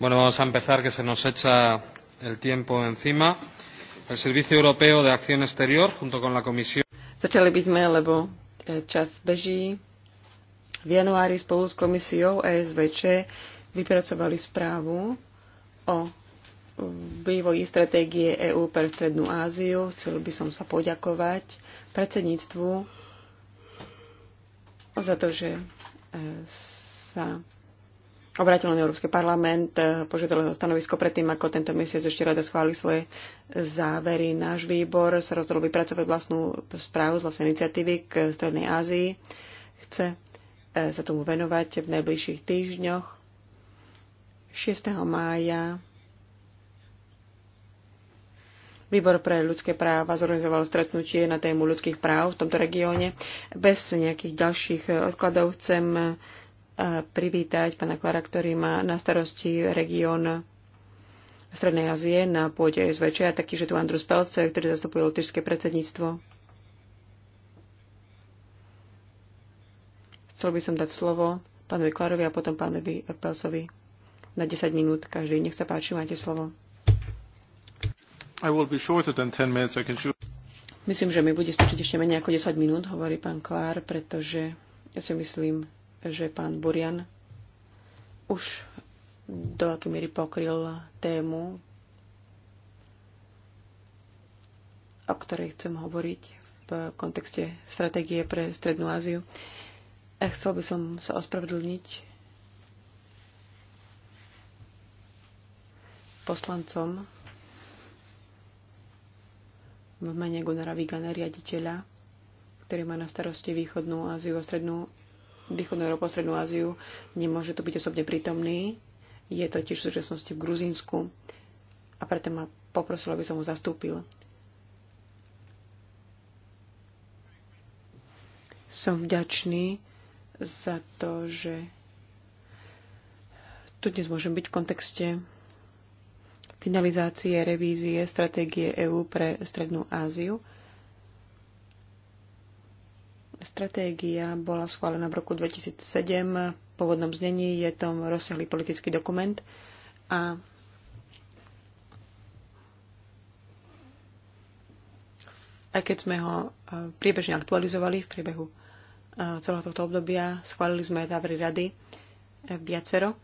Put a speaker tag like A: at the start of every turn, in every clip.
A: Bueno, vamos a empezar, que se nos echa el tiempo encima. El Servicio Europeo de Acción Exterior, junto con la Comisión. Začali by sme, lebo eh, čas beží. V januári spolu s komisiou ESVČ vypracovali správu o mm, vývoji stratégie EÚ pre Strednú Áziu. Chcel by som sa poďakovať predsedníctvu za to, že eh, sa obrátil na Európsky parlament, e, požiadal jeho stanovisko predtým, ako tento mesiac ešte rada schváli svoje závery. Náš výbor sa rozhodol vypracovať vlastnú správu z vlastnej iniciatívy k Strednej Ázii. Chce e, sa tomu venovať v najbližších týždňoch. 6. mája Výbor pre ľudské práva zorganizoval stretnutie na tému ľudských práv v tomto regióne. Bez nejakých ďalších odkladov chcem privítať pána Klara, ktorý má na starosti región Strednej Azie na pôde SVČ a taktiež tu Andrus Pelce, ktorý zastupuje lotičské predsedníctvo. Chcel by som dať slovo pánovi Klarovi a potom pánovi Pelsovi na 10 minút každý. Nech sa páči, máte slovo.
B: I will be shorter than 10 minutes. I can shoot.
A: Myslím, že mi bude stačiť ešte menej ako 10 minút, hovorí pán Klár, pretože ja si myslím, že pán Burian už do akej miery pokryl tému, o ktorej chcem hovoriť v kontexte stratégie pre Strednú Áziu. A chcel by som sa ospravedlniť poslancom v mene Gunnara Vigana, riaditeľa, ktorý má na starosti východnú Áziu a strednú východnú Európu a strednú Áziu. Nemôže tu byť osobne prítomný. Je to tiež v súčasnosti v Gruzínsku a preto ma poprosil, aby som mu zastúpil. Som vďačný za to, že tu dnes môžem byť v kontexte finalizácie revízie stratégie EÚ pre Strednú Áziu. Stratégia bola schválená v roku 2007 v pôvodnom znení, je tom rozsiahlý politický dokument a aj keď sme ho e, priebežne aktualizovali v priebehu e, celého tohto obdobia, schválili sme závery rady e, viacero.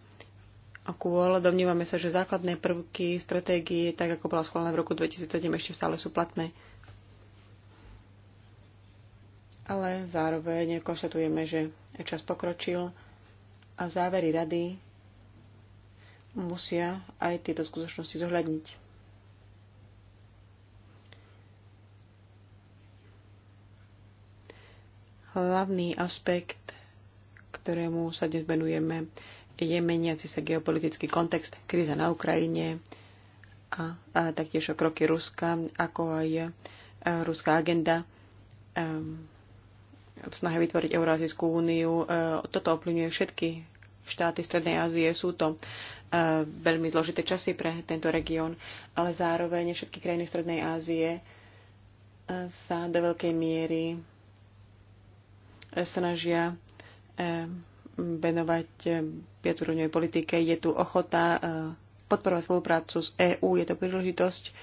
A: A kôl domnívame sa, že základné prvky stratégie, tak ako bola schválená v roku 2007, ešte stále sú platné ale zároveň konštatujeme, že čas pokročil a závery rady musia aj tieto skutočnosti zohľadniť. Hlavný aspekt, ktorému sa dnes venujeme, je meniaci sa geopolitický kontext, kríza na Ukrajine a, a taktiež kroky Ruska, ako aj e, ruská agenda. Um, v snahe vytvoriť Eurázijskú úniu. E, toto ovplyvňuje všetky štáty Strednej Ázie. Sú to e, veľmi zložité časy pre tento región, ale zároveň všetky krajiny Strednej Ázie e, sa do veľkej miery snažia venovať viacúrovňovej politike. Je tu ochota podporovať spoluprácu s EÚ. Je to príležitosť,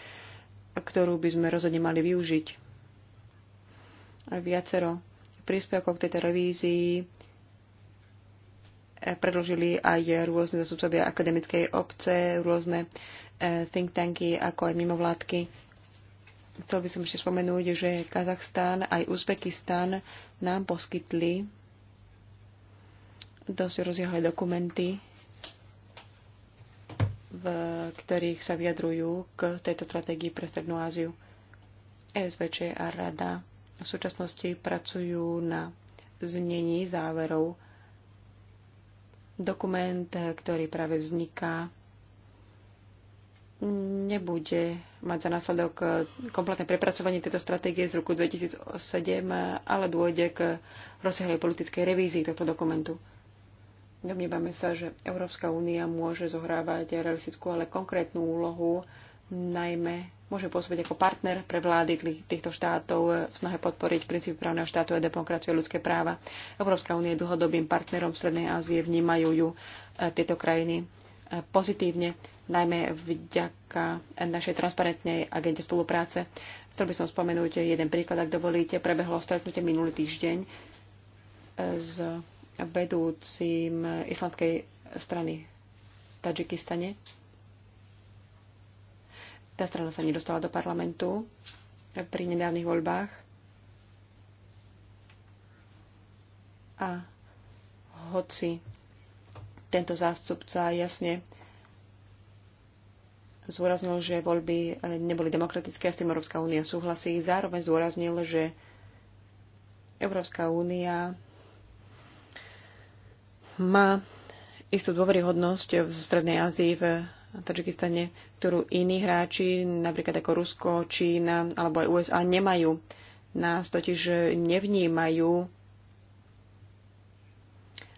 A: ktorú by sme rozhodne mali využiť. A viacero príspevkov k tejto revízii e, predložili aj rôzne zastupcovia akademickej obce, rôzne e, think tanky, ako aj mimovládky. Chcel by som ešte spomenúť, že Kazachstán aj Uzbekistán nám poskytli dosť rozsiahle dokumenty, v ktorých sa vyjadrujú k tejto stratégii pre Strednú Áziu. E SVČ a Rada v súčasnosti pracujú na znení záverov. Dokument, ktorý práve vzniká, nebude mať za následok kompletné prepracovanie tejto stratégie z roku 2007, ale dôjde k rozsiahlej politickej revízii tohto dokumentu. Domnievame sa, že Európska únia môže zohrávať realistickú, ale konkrétnu úlohu, najmä môže pôsobiť ako partner pre vlády týchto štátov v snahe podporiť princíp právneho štátu a demokracie a ľudské práva. Európska únie je dlhodobým partnerom v Srednej Ázie, vnímajú ju e, tieto krajiny e, pozitívne, najmä vďaka našej transparentnej agente spolupráce. Chcel by som spomenúť jeden príklad, ak dovolíte. Prebehlo stretnutie minulý týždeň e, s vedúcim islandskej strany v Tadžikistane tá strana sa nedostala do parlamentu pri nedávnych voľbách. A hoci tento zástupca jasne zúraznil, že voľby neboli demokratické a s tým Európska únia súhlasí. Zároveň zúraznil, že Európska únia má istú dôveryhodnosť v Strednej Ázii v Tadžikistane, ktorú iní hráči, napríklad ako Rusko, Čína alebo aj USA, nemajú. Nás totiž nevnímajú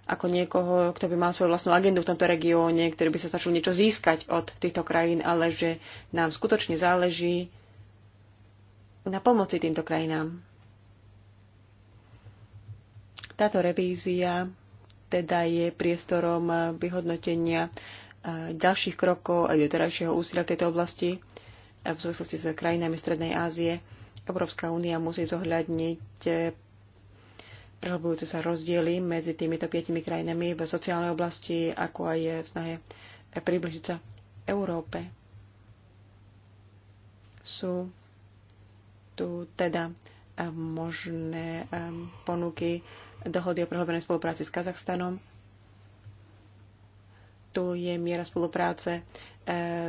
A: ako niekoho, kto by mal svoju vlastnú agendu v tomto regióne, ktorý by sa snažil niečo získať od týchto krajín, ale že nám skutočne záleží na pomoci týmto krajinám. Táto revízia teda je priestorom vyhodnotenia E, ďalších krokov aj doterajšieho úsilia v tejto oblasti v súvislosti s krajinami Strednej Ázie. Európska únia musí zohľadniť e, prehlbujúce sa rozdiely medzi týmito piatimi krajinami v sociálnej oblasti, ako aj v snahe približiť sa Európe. Sú tu teda e, možné ponuky dohody o prehlbenej spolupráci s Kazachstanom, tu je miera spolupráce e,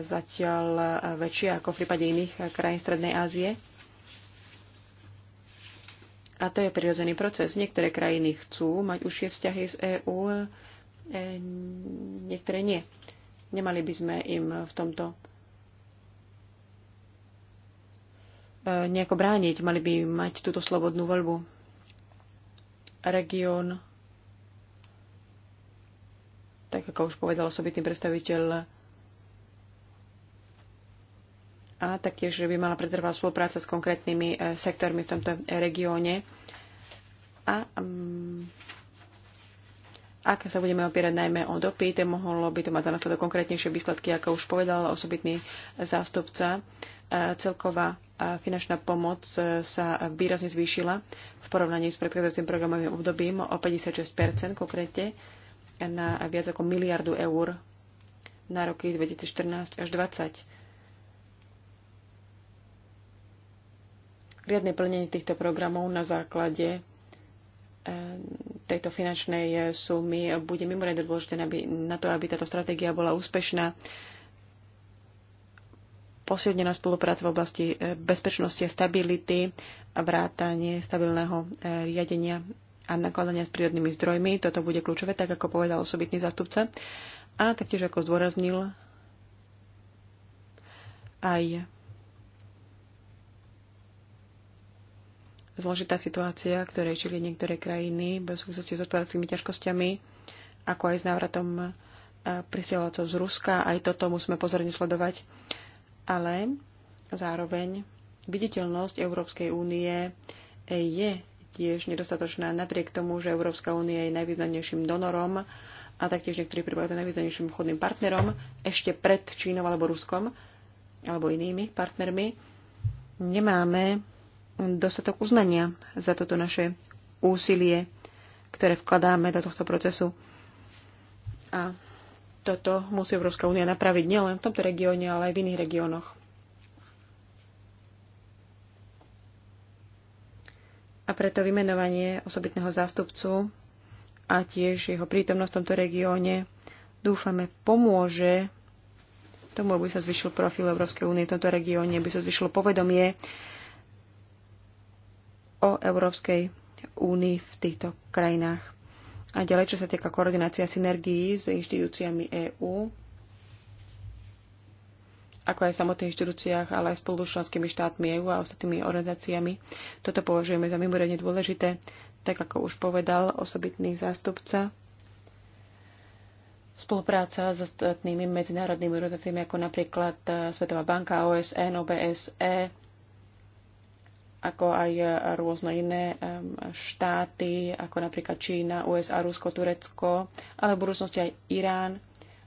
A: zatiaľ e, väčšia ako v prípade iných e, krajín Strednej Ázie. A to je prirodzený proces. Niektoré krajiny chcú mať užšie vzťahy z EÚ, niektoré nie. Nemali by sme im v tomto nejako brániť, mali by mať túto slobodnú voľbu. Región tak ako už povedal osobitný predstaviteľ a taktiež by mala pretrvať spolupráca s konkrétnymi e, sektormi v tomto e, regióne. A um, ak sa budeme opierať najmä o dopyt, mohlo by to mať za následok konkrétnejšie výsledky, ako už povedal osobitný zástupca. E, celková finančná pomoc sa výrazne zvýšila v porovnaní s predchádzajúcim programovým obdobím o 56 konkrétne na viac ako miliardu eur na roky 2014 až 2020. Riadne plnenie týchto programov na základe e, tejto finančnej e, sumy bude mimoriadne dôležité na to, aby táto stratégia bola úspešná posiednená spolupráca v oblasti e, bezpečnosti a stability a vrátanie stabilného riadenia a nakladania s prírodnými zdrojmi. Toto bude kľúčové, tak ako povedal osobitný zástupca. A taktiež ako zdôraznil aj zložitá situácia, ktorej čili niektoré krajiny v súvislosti s otváracími ťažkosťami, ako aj s návratom e, prisielacov z Ruska. Aj toto musíme pozorne sledovať. Ale zároveň viditeľnosť Európskej únie je tiež nedostatočná napriek tomu, že Európska únia je najvýznamnejším donorom a taktiež niektorí prípadoch najvýznamnejším obchodným partnerom ešte pred Čínou alebo Ruskom alebo inými partnermi. Nemáme dostatok uznania za toto naše úsilie, ktoré vkladáme do tohto procesu. A toto musí Európska únia napraviť nielen v tomto regióne, ale aj v iných regiónoch. A preto vymenovanie osobitného zástupcu a tiež jeho prítomnosť v tomto regióne dúfame pomôže tomu, aby sa zvyšil profil Európskej únie v tomto regióne, aby sa zvyšilo povedomie o Európskej únii v týchto krajinách. A ďalej, čo sa týka koordinácia synergií s inštitúciami EÚ, ako aj v samotných inštitúciách, ale aj spolu s členskými štátmi EU a ostatnými organizáciami. Toto považujeme za mimoriadne dôležité, tak ako už povedal osobitný zástupca. Spolupráca s ostatnými medzinárodnými organizáciami, ako napríklad e, Svetová banka, OSN, OBSE, ako aj e, rôzne iné e, štáty, ako napríklad Čína, USA, Rusko, Turecko, ale v budúcnosti aj Irán,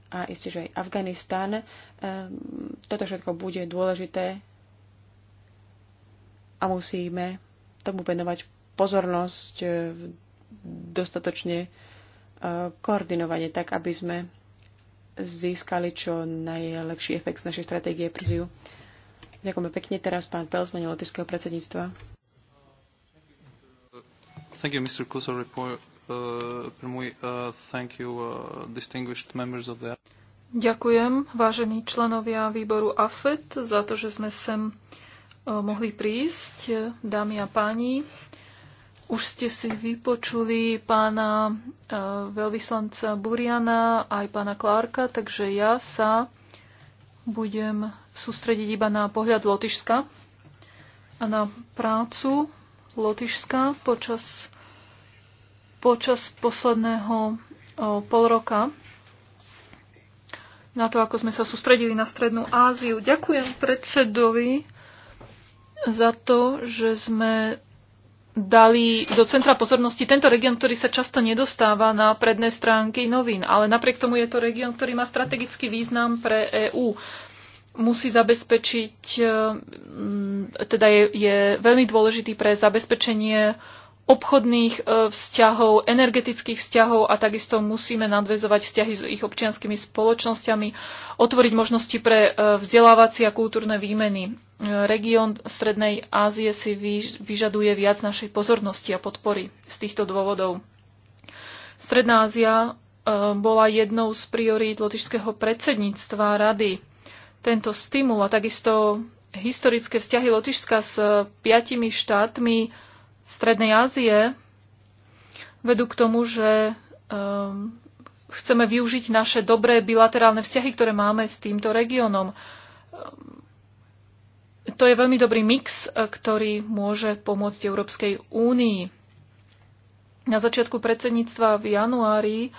A: a isté, že aj Afganistan. Ehm, toto všetko bude dôležité a musíme tomu venovať pozornosť e, dostatočne e, koordinovane, tak aby sme získali čo najlepší efekt z našej stratégie Prziu. Ďakujeme pekne. Teraz pán Pelsman, lotišského predsedníctva. Thank you,
B: Mr. Kuzo, report. Uh, uh, uh,
C: Ďakujem, vážení členovia výboru AFET, za to, že sme sem mohli prísť, dámy a páni. Už ste si vypočuli pána veľvyslanca Buriana aj pána Klárka, takže ja sa budem sústrediť iba na pohľad Lotyšska a na prácu Lotyšska počas počas posledného pol roka na to, ako sme sa sústredili na Strednú Áziu. Ďakujem predsedovi za to, že sme dali do centra pozornosti tento región, ktorý sa často nedostáva na predné stránky novín. Ale napriek tomu je to región, ktorý má strategický význam pre EÚ. Musí zabezpečiť, e, teda je, je veľmi dôležitý pre zabezpečenie obchodných e, vzťahov, energetických vzťahov a takisto musíme nadvezovať vzťahy s ich občianskými spoločnosťami, otvoriť možnosti pre e, vzdelávacie a kultúrne výmeny. E, región Strednej Ázie si vyžaduje viac našej pozornosti a podpory z týchto dôvodov. Stredná Ázia bola jednou z priorít lotišského predsedníctva rady. Tento stimul a takisto historické vzťahy Lotyšska s piatimi štátmi Strednej Ázie vedú k tomu, že um, chceme využiť naše dobré bilaterálne vzťahy, ktoré máme s týmto regiónom. Ehm, to je veľmi dobrý mix, eh, ktorý môže pomôcť Európskej únii. Na začiatku predsedníctva v januári uh,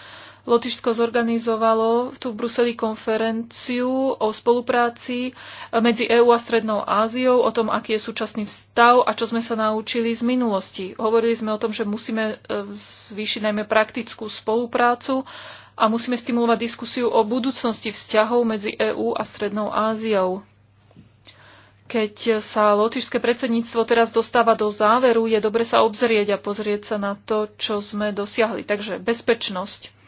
C: Lotyšsko zorganizovalo tu v Bruseli konferenciu o spolupráci e, medzi EÚ a Strednou Áziou, o tom, aký je súčasný stav a čo sme sa naučili z minulosti. Hovorili sme o tom, že musíme e, zvýšiť najmä praktickú spoluprácu a musíme stimulovať diskusiu o budúcnosti vzťahov medzi EÚ a Strednou Áziou. Keď sa lotišské predsedníctvo teraz dostáva do záveru, je dobre sa obzrieť a pozrieť sa na to, čo sme dosiahli. Takže bezpečnosť.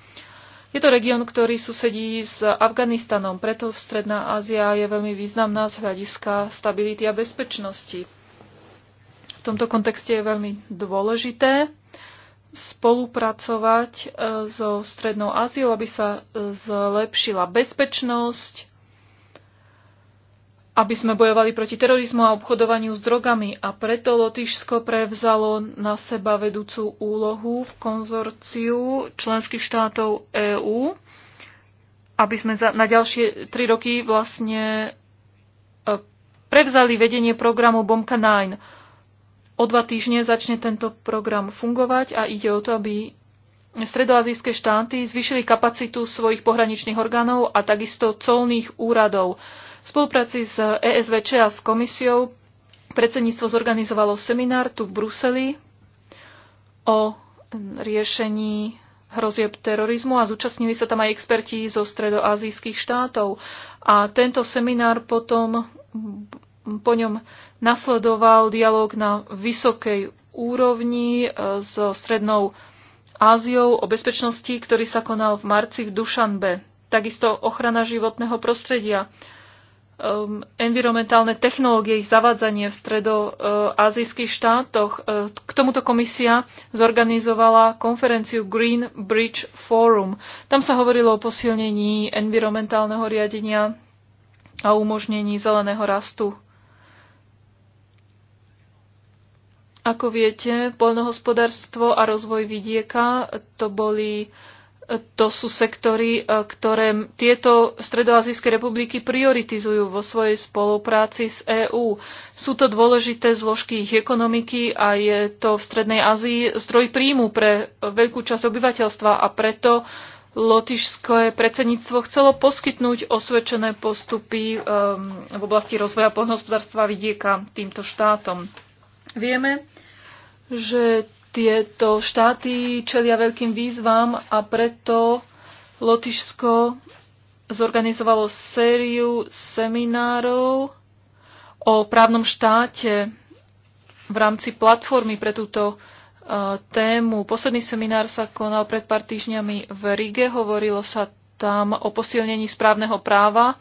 C: Je to región, ktorý susedí s Afganistanom, preto Stredná Ázia je veľmi významná z hľadiska stability a bezpečnosti. V tomto kontexte je veľmi dôležité spolupracovať eh, so Strednou Áziou, aby sa eh, zlepšila bezpečnosť, aby sme bojovali proti terorizmu a obchodovaniu s drogami a preto Lotyšsko prevzalo na seba vedúcu úlohu v konzorciu členských štátov EÚ, aby sme za, na ďalšie tri roky vlastne e, prevzali vedenie programu Bomka 9. O dva týždne začne tento program fungovať a ide o to, aby stredoazijské štáty zvýšili kapacitu svojich pohraničných orgánov a takisto colných úradov. V spolupráci s ESVČ a s komisiou predsedníctvo zorganizovalo seminár tu v Bruseli o riešení hrozieb terorizmu a zúčastnili sa tam aj experti zo stredoazijských štátov. A tento seminár potom po ňom nasledoval dialog na vysokej úrovni e, so Strednou Áziou o bezpečnosti, ktorý sa konal v marci v Dušanbe. Takisto ochrana životného prostredia um, environmentálne technológie, ich zavádzanie v stredoazijských štátoch. Uh, k tomuto komisia zorganizovala konferenciu Green Bridge Forum. Tam sa hovorilo o posilnení environmentálneho riadenia a umožnení zeleného rastu. Ako viete, poľnohospodárstvo a rozvoj vidieka to boli uh, to sú sektory, e, ktoré tieto stredoazijské republiky prioritizujú vo svojej spolupráci s EÚ. Sú to dôležité zložky ich ekonomiky a je to v Strednej Ázii zdroj príjmu pre veľkú časť obyvateľstva a preto Lotyšské predsedníctvo chcelo poskytnúť osvedčené postupy ehm, v oblasti rozvoja poľnohospodárstva vidieka týmto štátom. Vieme, že tieto štáty čelia veľkým výzvam a preto Lotyšsko zorganizovalo sériu seminárov o právnom štáte v rámci platformy pre túto e, tému. Posledný seminár sa konal pred pár týždňami v Rige. Hovorilo sa tam o posilnení správneho práva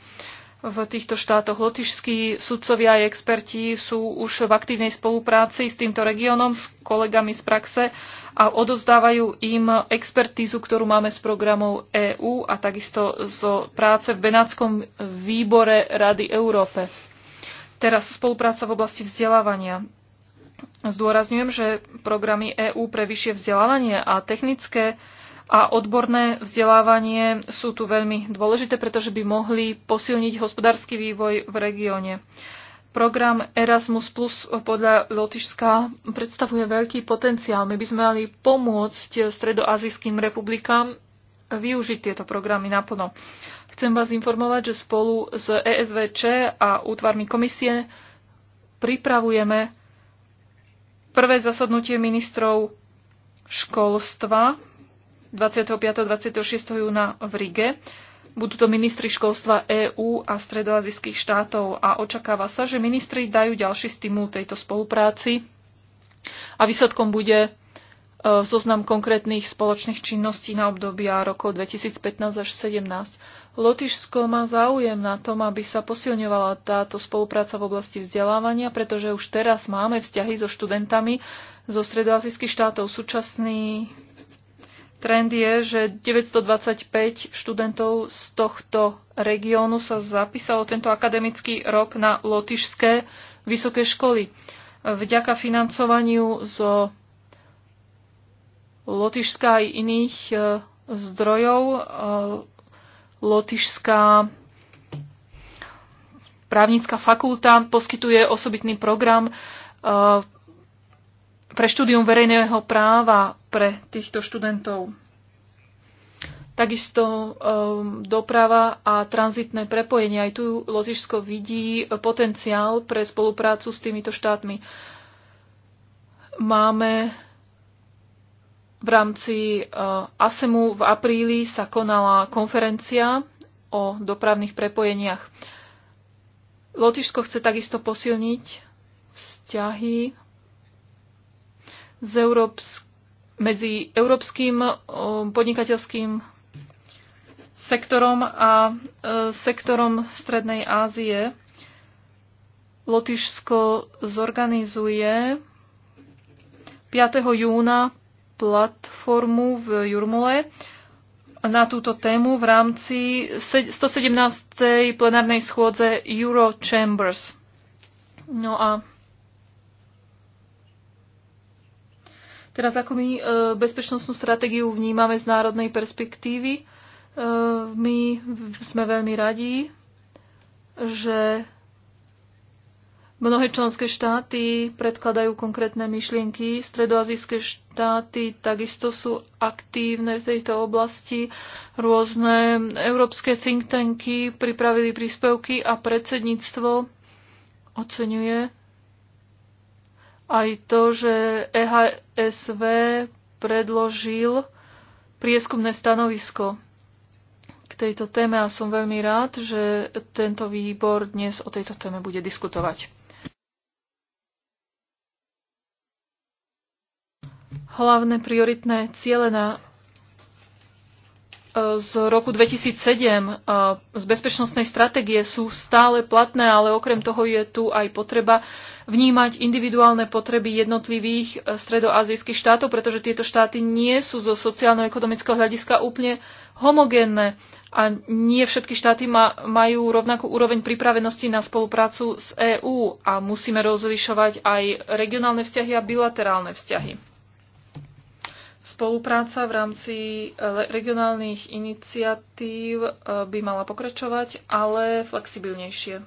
C: v týchto štátoch. lotišskí sudcovia a experti sú už v aktívnej spolupráci s týmto regiónom, s kolegami z praxe a odovzdávajú im expertízu, ktorú máme z programov EÚ a takisto z práce v Benátskom výbore Rady Európe. Teraz spolupráca v oblasti vzdelávania. Zdôrazňujem, že programy EÚ pre vyššie vzdelávanie a technické a odborné vzdelávanie sú tu veľmi dôležité, pretože by mohli posilniť hospodársky vývoj v regióne. Program Erasmus Plus podľa Lotyšska predstavuje veľký potenciál. My by sme mali pomôcť stredoazijským republikám využiť tieto programy naplno. Chcem vás informovať, že spolu s ESVČ a útvarmi komisie pripravujeme prvé zasadnutie ministrov školstva 25. 26. júna v Rige. Budú to ministri školstva EÚ a stredoazijských štátov a očakáva sa, že ministri dajú ďalší stimul tejto spolupráci a výsledkom bude e, zoznam konkrétnych spoločných činností na obdobia rokov 2015 až 2017. Lotyšsko má záujem na tom, aby sa posilňovala táto spolupráca v oblasti vzdelávania, pretože už teraz máme vzťahy so študentami zo stredoazijských štátov. Súčasný Trend je, že 925 študentov z tohto regiónu sa zapísalo tento akademický rok na lotišské vysoké školy. Vďaka financovaniu zo Lotyšska aj iných e, zdrojov e, Lotyšská právnická fakulta poskytuje osobitný program e, pre štúdium verejného práva pre týchto študentov. Takisto um, doprava a tranzitné prepojenie. Aj tu Lozišsko vidí potenciál pre spoluprácu s týmito štátmi. Máme v rámci uh, ASEMu v apríli sa konala konferencia o dopravných prepojeniach. Lotyšsko chce takisto posilniť vzťahy s Európskym medzi európskym podnikateľským sektorom a e, sektorom Strednej Ázie. Lotyšsko zorganizuje 5. júna platformu v Jurmule na túto tému v rámci 117. plenárnej schôdze Euro Chambers. No a Teraz ako my e, bezpečnostnú stratégiu vnímame z národnej perspektívy, e, my sme veľmi radi, že mnohé členské štáty predkladajú konkrétne myšlienky. Stredoazijské štáty takisto sú aktívne v tejto oblasti. Rôzne európske think tanky pripravili príspevky a predsedníctvo oceňuje aj to, že EHSV predložil prieskumné stanovisko k tejto téme a som veľmi rád, že tento výbor dnes o tejto téme bude diskutovať. Hlavné prioritné ciele na z roku 2007 z bezpečnostnej stratégie sú stále platné, ale okrem toho je tu aj potreba vnímať individuálne potreby jednotlivých e, stredoazijských štátov, pretože tieto štáty nie sú zo sociálno-ekonomického hľadiska úplne homogénne a nie všetky štáty majú rovnakú úroveň pripravenosti na spoluprácu s EÚ a musíme rozlišovať aj regionálne vzťahy a bilaterálne vzťahy. Spolupráca v rámci e, regionálnych iniciatív e, by mala pokračovať, ale flexibilnejšie. E,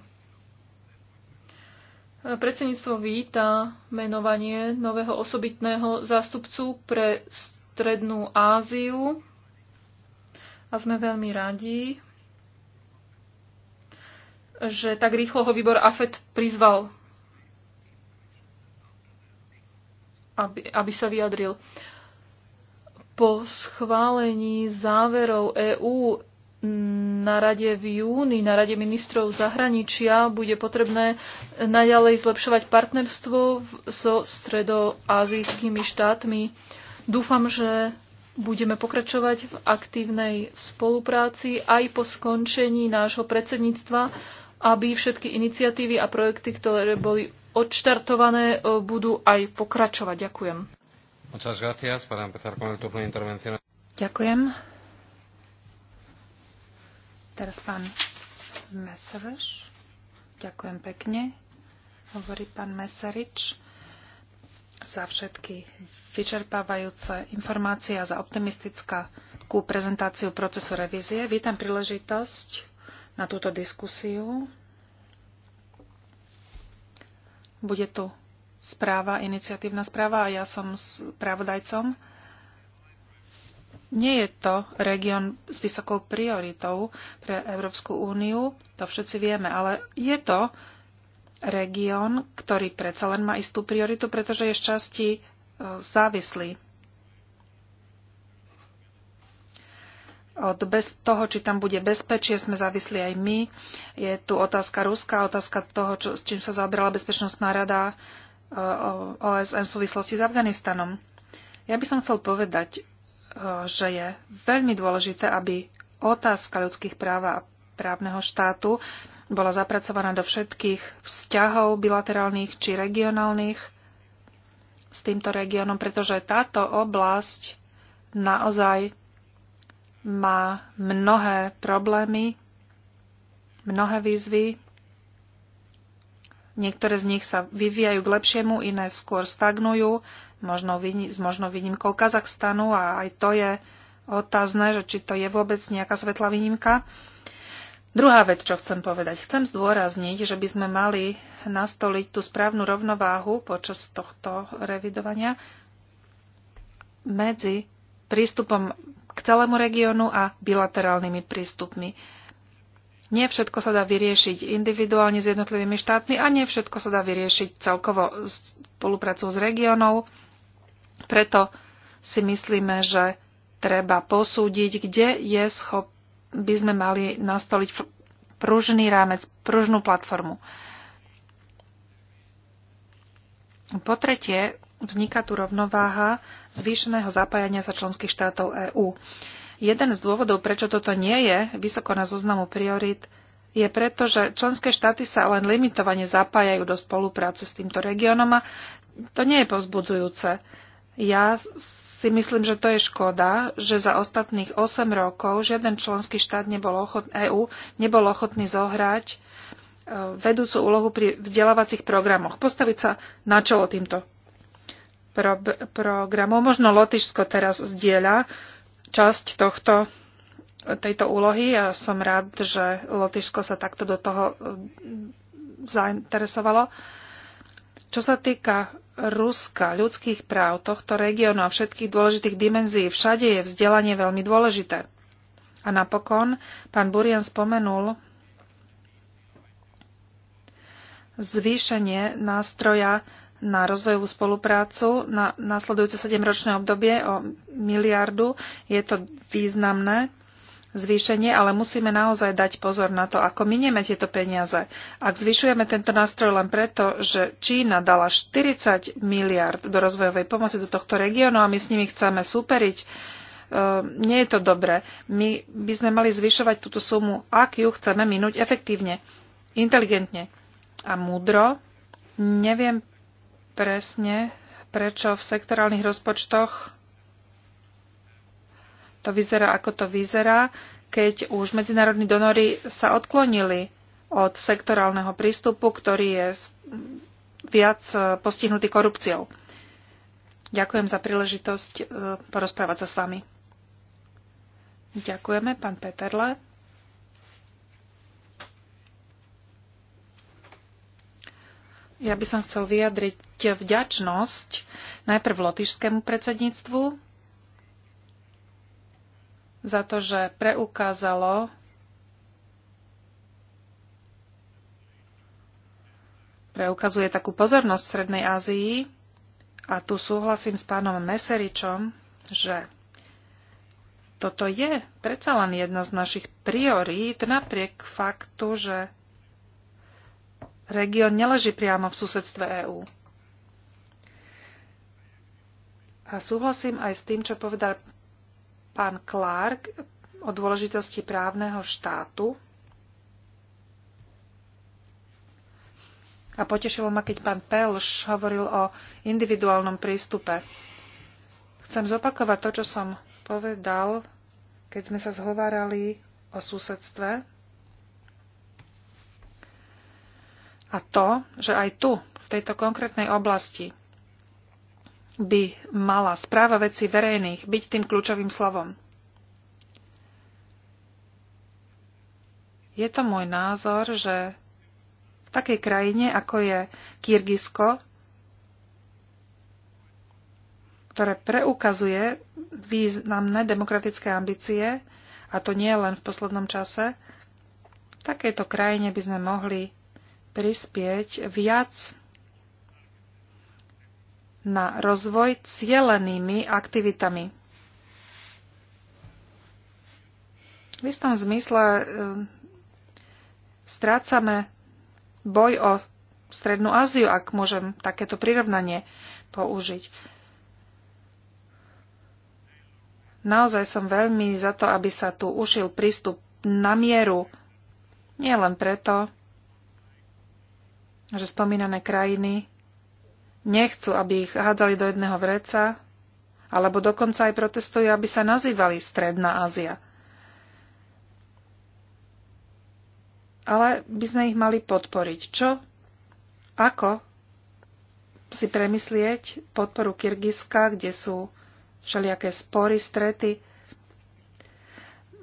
C: predsedníctvo víta menovanie nového osobitného zástupcu pre Strednú Áziu a sme veľmi radi, že tak rýchlo ho výbor AFET prizval, aby, aby sa vyjadril. Po schválení záverov EÚ na rade v júni, na rade ministrov zahraničia, bude potrebné naďalej zlepšovať partnerstvo so stredoazijskými štátmi. Dúfam, že budeme pokračovať v aktívnej spolupráci aj po skončení nášho predsedníctva, aby všetky iniciatívy a projekty, ktoré boli odštartované, budú aj pokračovať. Ďakujem.
A: Muchas gracias. Para empezar con el turno de intervención.
C: Ďakujem. Teraz
B: pán Meserič. Ďakujem pekne. Hovorí pán Meserič za všetky vyčerpávajúce informácie a za optimistickú prezentáciu procesu revízie. Vítam príležitosť na túto diskusiu. Bude tu správa, iniciatívna správa a ja som právodajcom. Nie je to región s vysokou prioritou pre Európsku úniu, to všetci vieme, ale je to región, ktorý predsa len má istú prioritu, pretože je z časti e, závislý od bez toho, či tam bude bezpečie, sme závisli aj my. Je tu otázka Ruska, otázka toho, čo, s čím sa zaoberala Bezpečnostná rada OSN v súvislosti s Afganistanom. Ja by som chcel povedať, e, že je veľmi dôležité, aby otázka ľudských práv a právneho štátu bola zapracovaná do všetkých vzťahov bilaterálnych či regionálnych s týmto regiónom, pretože táto oblasť naozaj má mnohé problémy, mnohé výzvy, Niektoré z nich sa vyvíjajú k lepšiemu, iné skôr stagnujú, možno, s možno výnimkou Kazachstanu a aj to je otázne, že či to je vôbec nejaká svetlá výnimka. Druhá vec, čo chcem povedať. Chcem zdôrazniť, že by sme mali nastoliť tú správnu rovnováhu počas tohto revidovania medzi prístupom k celému regiónu a bilaterálnymi prístupmi nie všetko sa dá vyriešiť individuálne s jednotlivými štátmi a nie všetko sa dá vyriešiť celkovo spoluprácou s regiónov. Preto si myslíme, že treba posúdiť, kde je schop, by sme mali nastoliť pružný rámec, pružnú platformu. Po tretie, vzniká tu rovnováha zvýšeného zapájania sa členských štátov EÚ. Jeden z dôvodov, prečo toto nie je vysoko na zoznamu priorit, je preto, že členské štáty sa len limitovane zapájajú do spolupráce s týmto regiónom a to nie je povzbudzujúce. Ja si myslím, že to je škoda, že za ostatných 8 rokov žiaden členský štát nebol ochot, EU nebol ochotný zohrať e, vedúcu úlohu pri vzdelávacích programoch, postaviť sa na čelo týmto pro, programom. Možno Lotyšsko teraz zdieľa časť tohto, tejto úlohy a ja som rád, že Lotyšsko sa takto do toho e, zainteresovalo. Čo sa týka Ruska, ľudských práv, tohto regiónu a všetkých dôležitých dimenzií, všade je vzdelanie veľmi dôležité. A napokon pán Burian spomenul zvýšenie nástroja na rozvojovú spoluprácu na následujúce 7-ročné obdobie o miliardu. Je to významné zvýšenie, ale musíme naozaj dať pozor na to, ako minieme tieto peniaze. Ak zvyšujeme tento nástroj len preto, že Čína dala 40 miliard do rozvojovej pomoci do tohto regiónu a my s nimi chceme súperiť, e, nie je to dobré. My by sme mali zvyšovať túto sumu, ak ju chceme minúť efektívne, inteligentne a múdro. Neviem presne, prečo v sektorálnych rozpočtoch to vyzerá, ako to vyzerá, keď už medzinárodní donory sa odklonili od sektorálneho prístupu, ktorý je viac e, postihnutý korupciou. Ďakujem za príležitosť e, porozprávať sa s vami. Ďakujeme, pán Peterle. Ja by som chcel vyjadriť vďačnosť najprv lotišskému predsedníctvu za to, že preukázalo preukazuje takú pozornosť v Srednej Ázii a tu súhlasím s pánom Meseričom, že toto je predsa len jedna z našich priorít napriek faktu, že región neleží priamo v susedstve EÚ. A súhlasím aj s tým, čo povedal pán Clark o dôležitosti právneho štátu. A potešilo ma, keď pán Pelš hovoril o individuálnom prístupe. Chcem zopakovať to, čo som povedal, keď sme sa zhovárali o susedstve A to, že aj tu, v tejto konkrétnej oblasti, by mala správa veci verejných byť tým kľúčovým slovom. Je to môj názor, že v takej krajine, ako je Kyrgyzsko, ktoré preukazuje významné demokratické ambície, a to nie len v poslednom čase, v takejto krajine by sme mohli prispieť viac na rozvoj cielenými aktivitami. V istom zmysle e, strácame boj o Strednú Áziu, ak môžem takéto prirovnanie použiť. Naozaj som veľmi za to, aby sa tu ušil prístup na mieru, nie len preto, že spomínané krajiny nechcú, aby ich hádzali do jedného vreca, alebo dokonca aj protestujú, aby sa nazývali Stredná Ázia. Ale by sme ich mali podporiť. Čo? Ako si premyslieť podporu Kyrgyzska, kde sú všelijaké spory, strety?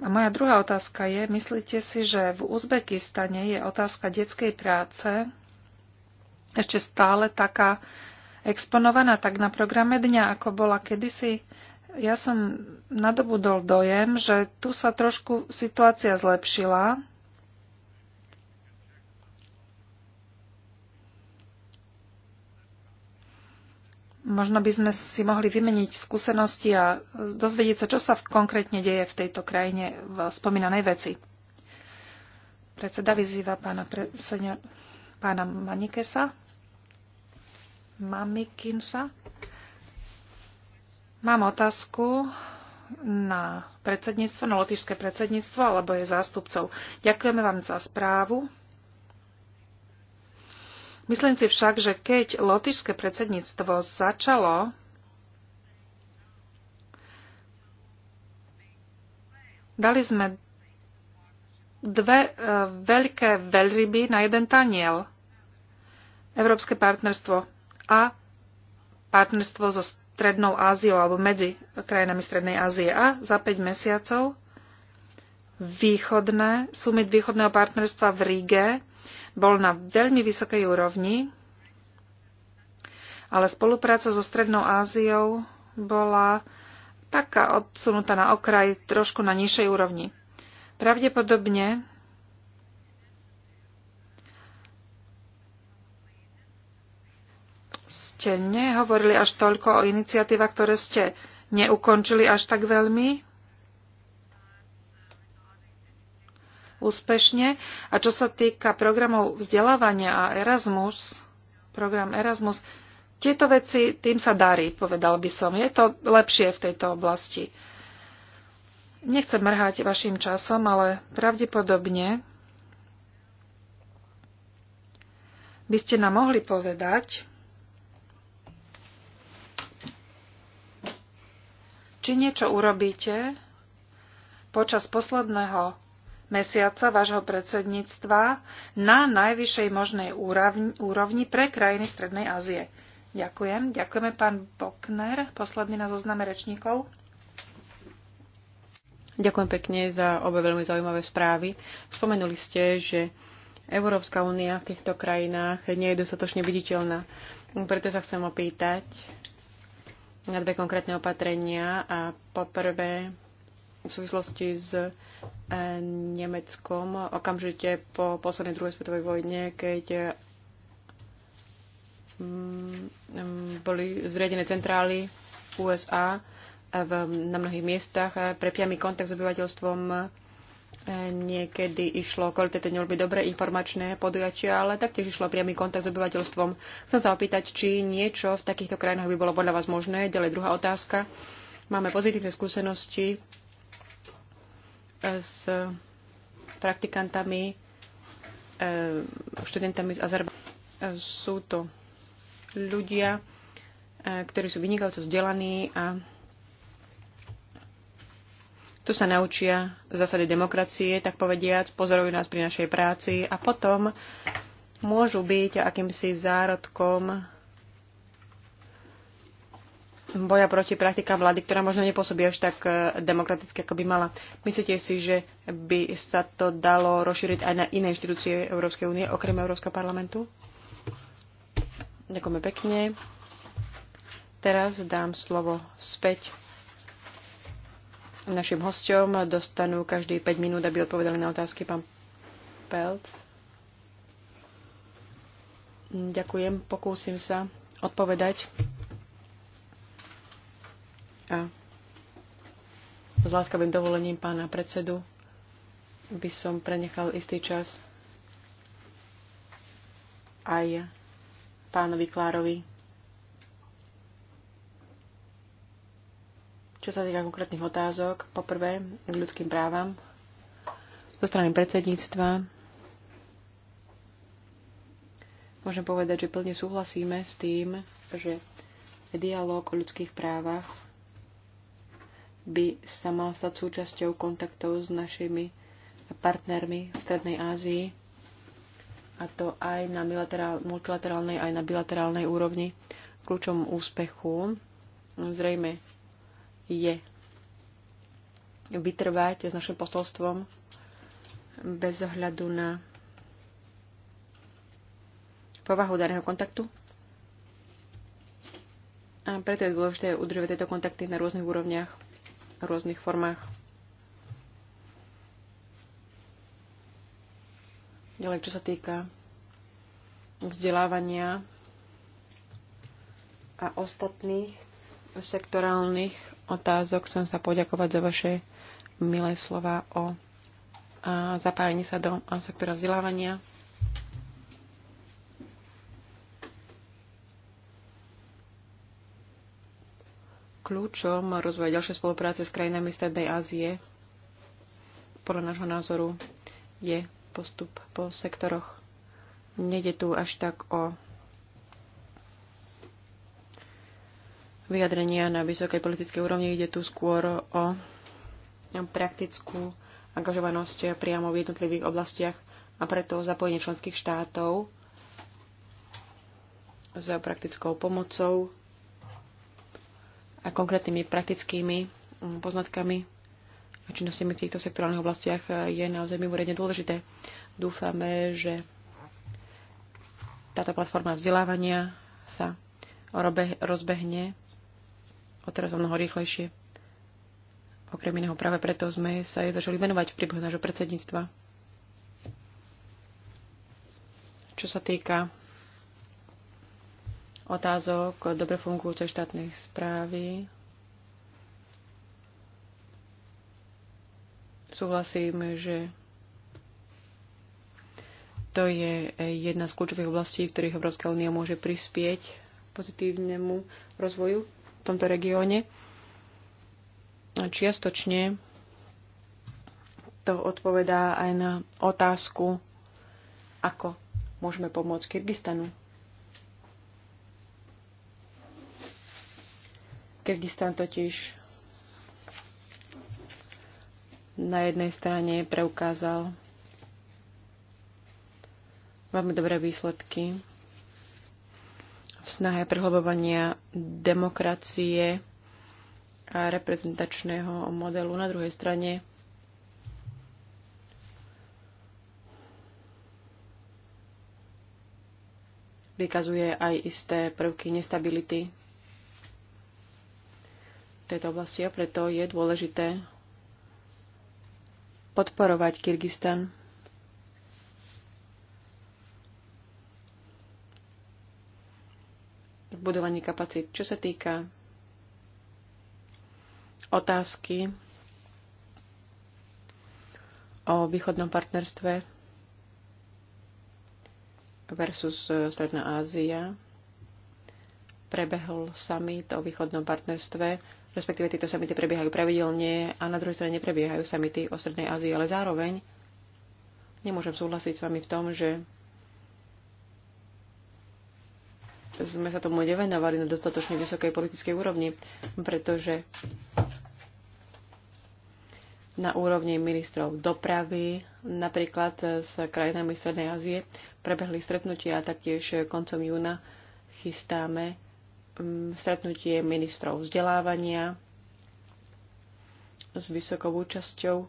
B: A moja druhá otázka je, myslíte si, že v Uzbekistane je otázka detskej práce ešte stále taká exponovaná tak na programe dňa, ako bola kedysi. Ja som nadobudol dojem, že tu sa trošku situácia zlepšila, Možno by sme si mohli vymeniť skúsenosti a dozvedieť sa, čo sa konkrétne deje v tejto krajine v spomínanej veci. Predseda vyzýva pána, pre, senior, pána Manikesa. Kinsa. Mám otázku na predsedníctvo, na lotišské predsedníctvo alebo je zástupcov. Ďakujeme vám za správu. Myslím si však, že keď lotišské predsedníctvo začalo dali sme dve e, veľké veľryby na jeden taniel. Európske partnerstvo a partnerstvo so Strednou Áziou alebo medzi krajinami Strednej Ázie a za 5 mesiacov východné, sumit východného partnerstva v Ríge bol na veľmi vysokej úrovni, ale spolupráca so Strednou Áziou bola taká odsunutá na okraj, trošku na nižšej úrovni. Pravdepodobne ste nehovorili až toľko o iniciatívach, ktoré ste neukončili až tak veľmi úspešne. A čo sa týka programov vzdelávania a Erasmus, program Erasmus, tieto veci, tým sa darí, povedal by som. Je to lepšie v tejto oblasti. Nechcem mrhať vašim časom, ale pravdepodobne by ste nám mohli povedať, Či niečo urobíte počas posledného mesiaca vášho predsedníctva na najvyššej možnej úrovni, úrovni pre krajiny Strednej Ázie. Ďakujem. Ďakujeme pán Bokner, posledný na zozname rečníkov.
A: Ďakujem pekne za obe veľmi zaujímavé správy. Spomenuli ste, že Európska únia v týchto krajinách nie je dostatočne viditeľná. Preto sa chcem opýtať, na dve konkrétne opatrenia. A poprvé, v súvislosti s eh, Nemeckom okamžite po poslednej druhej svetovej vojne, keď mm, mm, boli zriadené centrály USA eh, v, na mnohých miestach eh, pre priamy kontakt s obyvateľstvom Niekedy išlo teda veľmi dobré informačné podujatia, ale taktiež išlo priamy kontakt s obyvateľstvom. Chcem sa opýtať, či niečo v takýchto krajinách by bolo podľa vás možné. Ďalej druhá otázka. Máme pozitívne skúsenosti e, s praktikantami, e, študentami z Azerbajdžanu. Sú to ľudia, e, ktorí sú vynikajúco vzdelaní a tu sa naučia zásade demokracie, tak povediac, pozorujú nás pri našej práci a potom môžu byť akýmsi zárodkom boja proti praktika vlády, ktorá možno nepôsobí až tak e, demokraticky, ako by mala. Myslíte si, že by sa to dalo rozšíriť aj na iné inštitúcie Európskej únie, okrem Európskeho parlamentu? Ďakujeme pekne. Teraz dám slovo späť Našim hostom dostanú každý 5 minút, aby odpovedali na otázky pán Pelc. Ďakujem, pokúsim sa odpovedať. A s láskavým dovolením pána predsedu by som prenechal istý čas aj pánovi Klárovi Čo sa týka konkrétnych otázok, poprvé k ľudským právam zo strany predsedníctva, môžem povedať, že plne súhlasíme s tým, že dialog o ľudských právach by sa mal stať súčasťou kontaktov s našimi partnermi v Strednej Ázii, a to aj na multilaterálnej, aj na bilaterálnej úrovni. Kľúčom úspechu zrejme je vytrvať s našim posolstvom bez ohľadu na povahu daného kontaktu. A preto je dôležité udržovať tieto kontakty na rôznych úrovniach, rôznych formách. Ďalej, čo sa týka vzdelávania a ostatných sektorálnych otázok Som sa poďakovať za vaše milé slova o zapájení sa do sektora vzdelávania. Kľúčom rozvoja ďalšej spolupráce s krajinami Strednej Ázie podľa nášho názoru je postup po sektoroch. Nede tu až tak o vyjadrenia na vysokej politickej úrovni. Ide tu skôr o praktickú angažovanosť priamo v jednotlivých oblastiach a preto zapojenie členských štátov s praktickou pomocou a konkrétnymi praktickými mm, poznatkami a činnostiami v týchto sektorálnych oblastiach je naozaj mimoriadne dôležité. Dúfame, že táto platforma vzdelávania sa rozbehne O teraz o mnoho rýchlejšie. Okrem iného práve preto sme sa jej začali venovať v príbehu nášho predsedníctva. Čo sa týka otázok dobre fungujúcej štátnej správy, súhlasím, že to je jedna z kľúčových oblastí, v ktorých Európska únia môže prispieť pozitívnemu rozvoju tomto regióne. A čiastočne to odpovedá aj na otázku, ako môžeme pomôcť Kyrgyzstanu. Kyrgyzstan totiž na jednej strane preukázal veľmi dobré výsledky v snahe prehlbovania demokracie a reprezentačného modelu. Na druhej strane vykazuje aj isté prvky nestability v tejto oblasti a preto je dôležité podporovať Kyrgyzstan. budovaní kapacít. Čo sa týka otázky o východnom partnerstve versus e, Stredná Ázia, prebehol summit o východnom partnerstve, respektíve tieto samity prebiehajú pravidelne a na druhej strane neprebiehajú samity o Strednej Ázii, ale zároveň nemôžem súhlasiť s vami v tom, že sme sa tomu nevenovali na dostatočne vysokej politickej úrovni, pretože na úrovni ministrov dopravy, napríklad s krajinami Strednej Ázie, prebehli stretnutia a taktiež koncom júna chystáme mm, stretnutie ministrov vzdelávania s vysokou účasťou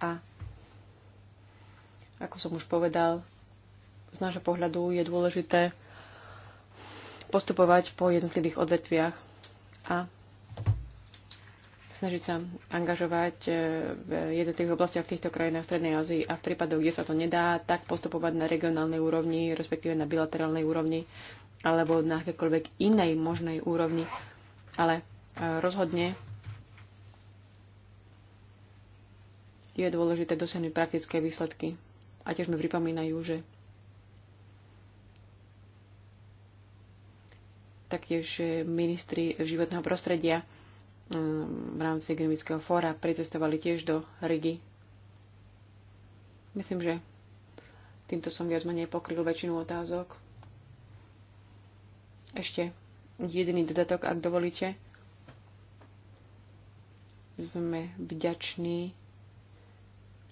A: a ako som už povedal, z nášho pohľadu je dôležité postupovať po jednotlivých odvetviach a snažiť sa angažovať e, v jednotlivých oblastiach v týchto krajinách Strednej Ázii a v prípadoch, kde sa to nedá, tak postupovať na regionálnej úrovni, respektíve na bilaterálnej úrovni alebo na akékoľvek inej možnej úrovni. Ale e, rozhodne je dôležité dosiahnuť praktické výsledky. A tiež mi pripomínajú, že taktiež eh, ministri životného prostredia mm, v rámci ekonomického fóra pricestovali tiež do Rigi. Myslím, že týmto som viac menej pokryl väčšinu otázok. Ešte jediný dodatok, ak dovolíte. Sme vďační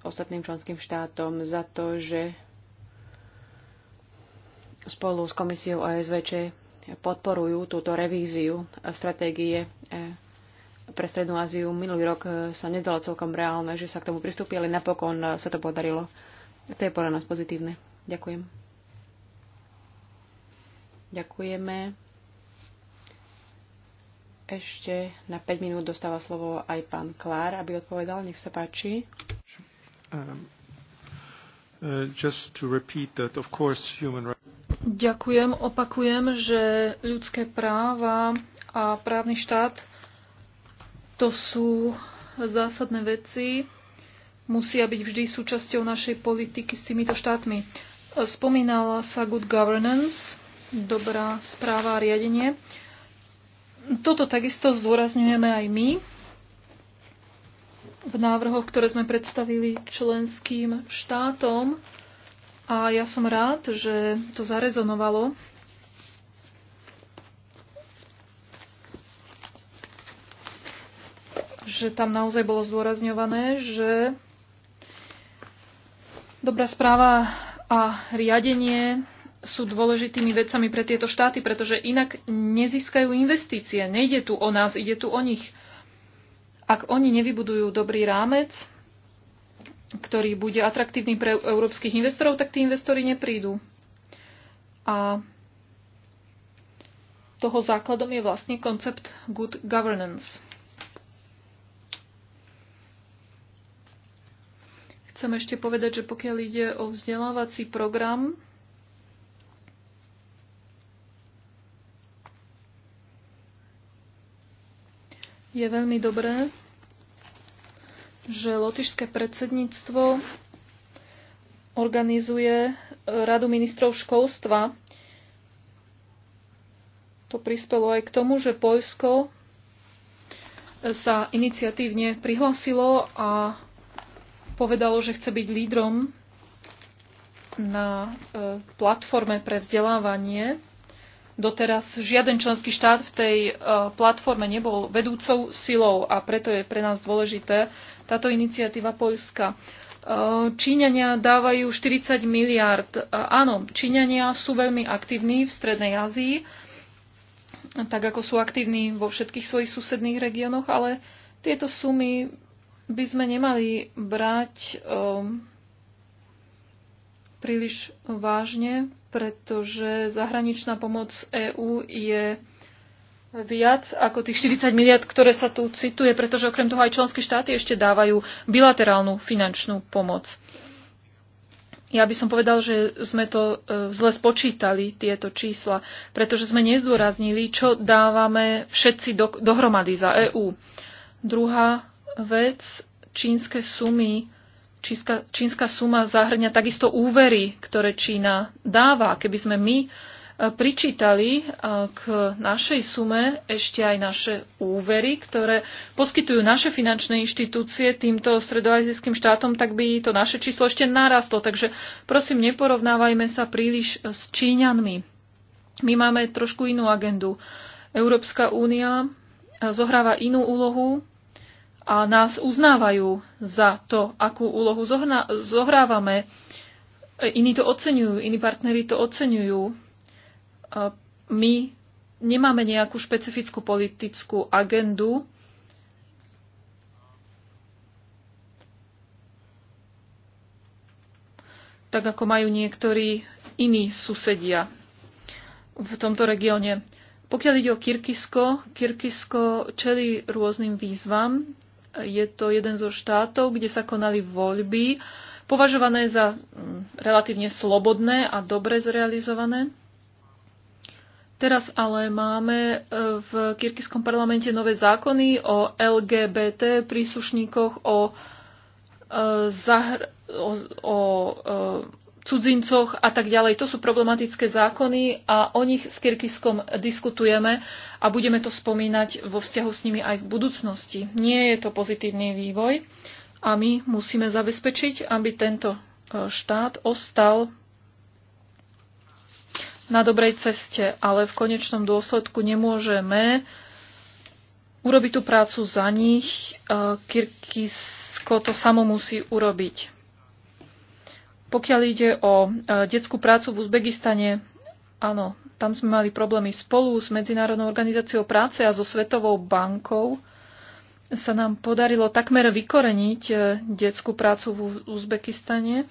A: ostatným členským štátom za to, že spolu s komisiou ASVČ podporujú túto revíziu stratégie eh, pre Strednú Áziu. Minulý rok eh, sa nedalo celkom reálne, že sa k tomu pristúpi, ale napokon eh, sa to podarilo. To je podľa nás pozitívne. Ďakujem. Ďakujeme. Ešte na 5 minút dostáva slovo aj pán Klár, aby odpovedal. Nech sa páči. Um, uh, just to repeat that, of course, human rights
C: Ďakujem. Opakujem, že ľudské práva a právny štát to sú zásadné veci. Musia byť vždy súčasťou našej politiky s týmito štátmi. Spomínala sa good governance, dobrá správa a riadenie. Toto takisto zdôrazňujeme aj my v návrhoch, ktoré sme predstavili členským štátom a ja som rád, že to zarezonovalo. že tam naozaj bolo zdôrazňované, že dobrá správa a riadenie sú dôležitými vecami pre tieto štáty, pretože inak nezískajú investície. Nejde tu o nás, ide tu o nich. Ak oni nevybudujú dobrý rámec, ktorý bude atraktívny pre európskych investorov, tak tí investori neprídu. A toho základom je vlastne koncept good governance. Chcem ešte povedať, že pokiaľ ide o vzdelávací program, je veľmi dobré, že lotišské predsedníctvo organizuje e, Radu ministrov školstva. To prispelo aj k tomu, že Poľsko e, sa iniciatívne prihlasilo a povedalo, že chce byť lídrom na e, platforme pre vzdelávanie. Doteraz žiaden členský štát v tej platforme nebol vedúcou silou a preto je pre nás dôležité, táto iniciatíva Poľska. E, Číňania dávajú 40 miliard. E, áno, Číňania sú veľmi aktívni v Strednej Ázii, tak ako sú aktívni vo všetkých svojich susedných regiónoch, ale tieto sumy by sme nemali brať um, príliš vážne, pretože zahraničná pomoc EÚ je viac ako tých 40 miliard, ktoré sa tu cituje, pretože okrem toho aj členské štáty ešte dávajú bilaterálnu finančnú pomoc. Ja by som povedal, že sme to e, zle spočítali, tieto čísla, pretože sme nezdôraznili, čo dávame všetci do, dohromady za EÚ. Druhá vec, čínske sumy, čínska, čínska suma zahrňa takisto úvery, ktoré Čína dáva. Keby sme my pričítali e, k našej sume ešte aj naše úvery, ktoré poskytujú naše finančné inštitúcie týmto stredoazijským štátom, tak by to naše číslo ešte narastlo. Takže prosím, neporovnávajme sa príliš e, s Číňanmi. My máme trošku inú agendu. Európska únia e, zohráva inú úlohu a nás uznávajú za to, akú úlohu zohrávame. Iní to oceňujú, iní partneri to oceňujú my nemáme nejakú špecifickú politickú agendu. tak ako majú niektorí iní susedia v tomto regióne. Pokiaľ ide o Kirkisko, Kirkisko čeli rôznym výzvam. Je to jeden zo štátov, kde sa konali voľby, považované za mm, relatívne slobodné a dobre zrealizované. Teraz ale máme e, v Kyrgyzskom parlamente nové zákony o LGBT príslušníkoch, o, e, zahr- o, o, e, cudzincoch a tak ďalej. To sú problematické zákony a o nich s Kyrgyzskom diskutujeme a budeme to spomínať vo vzťahu s nimi aj v budúcnosti. Nie je to pozitívny vývoj a my musíme zabezpečiť, aby tento štát ostal na dobrej ceste, ale v konečnom dôsledku nemôžeme urobiť tú prácu za nich. E, Kirkisko to samo musí urobiť. Pokiaľ ide o e, detskú prácu v Uzbekistane, áno, tam sme mali problémy spolu s Medzinárodnou organizáciou práce a so Svetovou bankou sa nám podarilo takmer vykoreniť e, detskú prácu v Uzbekistane.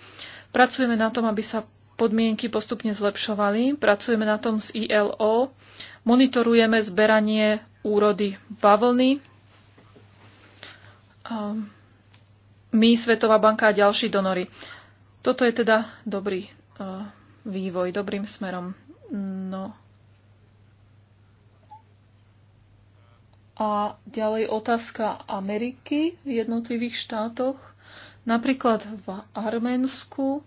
C: Pracujeme na tom, aby sa podmienky postupne zlepšovali. Pracujeme na tom s ILO, monitorujeme zberanie úrody bavlny. Ehm, my, Svetová banka a ďalší donory. Toto je teda dobrý eh, vývoj, dobrým smerom. No. A ďalej otázka Ameriky v jednotlivých štátoch. Napríklad v Arménsku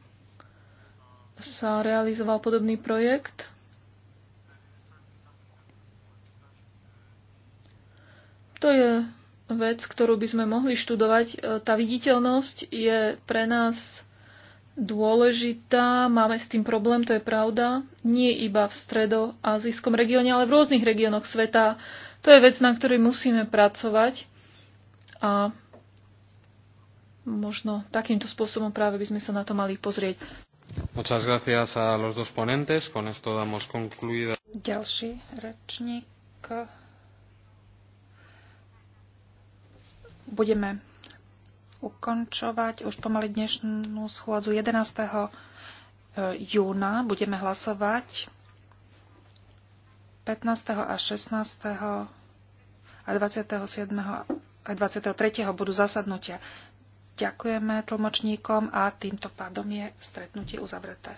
C: sa realizoval podobný projekt. To je vec, ktorú by sme mohli študovať. E, tá viditeľnosť je pre nás dôležitá, máme s tým problém, to je pravda, nie iba v stredoazijskom regióne, ale v rôznych regiónoch sveta. To je vec, na ktorej musíme pracovať a možno takýmto spôsobom práve by sme sa na to mali pozrieť.
A: Muchas gracias a los dos ponentes. Con esto damos concluida.
C: Ďalší
B: rečník. Budeme ukončovať už pomaly dnešnú schôdzu 11. E, júna. Budeme hlasovať 15. a 16. a 27. a 23. budú zasadnutia. Ďakujeme tlmočníkom a týmto pádom je stretnutie uzavreté.